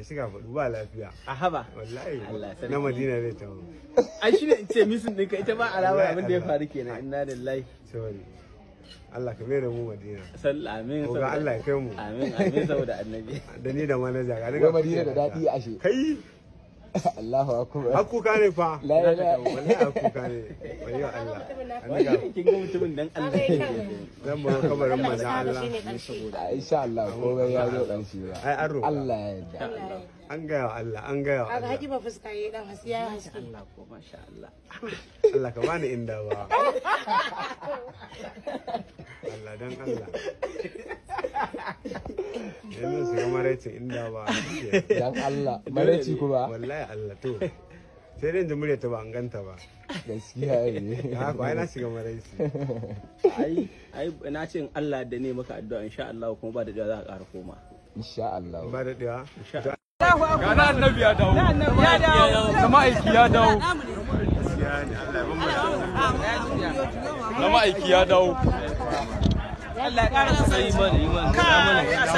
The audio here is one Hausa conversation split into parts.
A shiga faɗu ba lafiya a haba wallahi na madina zai tawo ai ne in ce misin ɗinka ita ba alama abin da ya faru kenan inna lillahi sorry Allah ka mu Madina. Sallah amin. Ko ga Allah ya kai mu. Amin amin saboda annabi. Da ni da manaja ga Madina da dadi ashe. Kai Allahu akbar har kuka ne fa la la la wallahi ne wallahi Allah kin ga mutumin dan Allah mu kabarin manzo Allah insha Allah ya zo dan shi ba ai an roƙa Allah ya yarda an ga Allah an ga Allah haji ba fuska dan hasiya Allah ko masha Allah Allah ka bani inda ba Allah dan Allah maraicin inda ba dan Allah maraici kuma wallahi Allah to sai dai jimure ta ba an ganta ba gaskiya ne ha ba ai na shiga maraici ai ai na ce in Allah da ne maka addu'a insha Allah kuma ba da za a ƙara koma insha Allah ba da dawa ga Ya annabi ya dawo ya dawo kuma aiki ya dawo Ya dawo. ya dawo Allah ya ƙara dawo. mana iman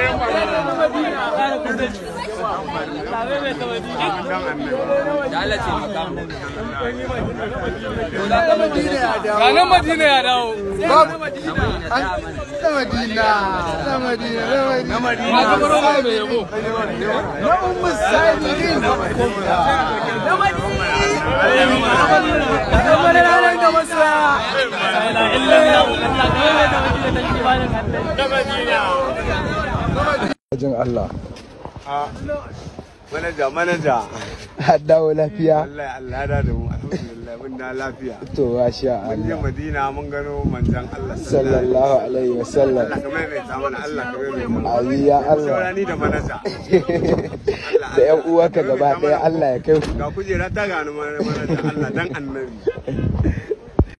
Ranar Madina ya dawo. Na Madina, na Madina, na Madina. Na kamar wani mai yabo. Na Ummu Sani. Na Madina. Na Madina. Na Madina. Na Madina. Ajin Allah. Manaja, manaja. lafiya. Wallahi Allah da mu alhamdulillah mun da lafiya. To Allah. Mun Madina mun gano Allah sallallahu alaihi wasallam. Allah mai ta mana Allah mai Allah. da manaja. Da gaba Allah ya kai ku. Ga kujera ta gano manaja Allah dan annabi.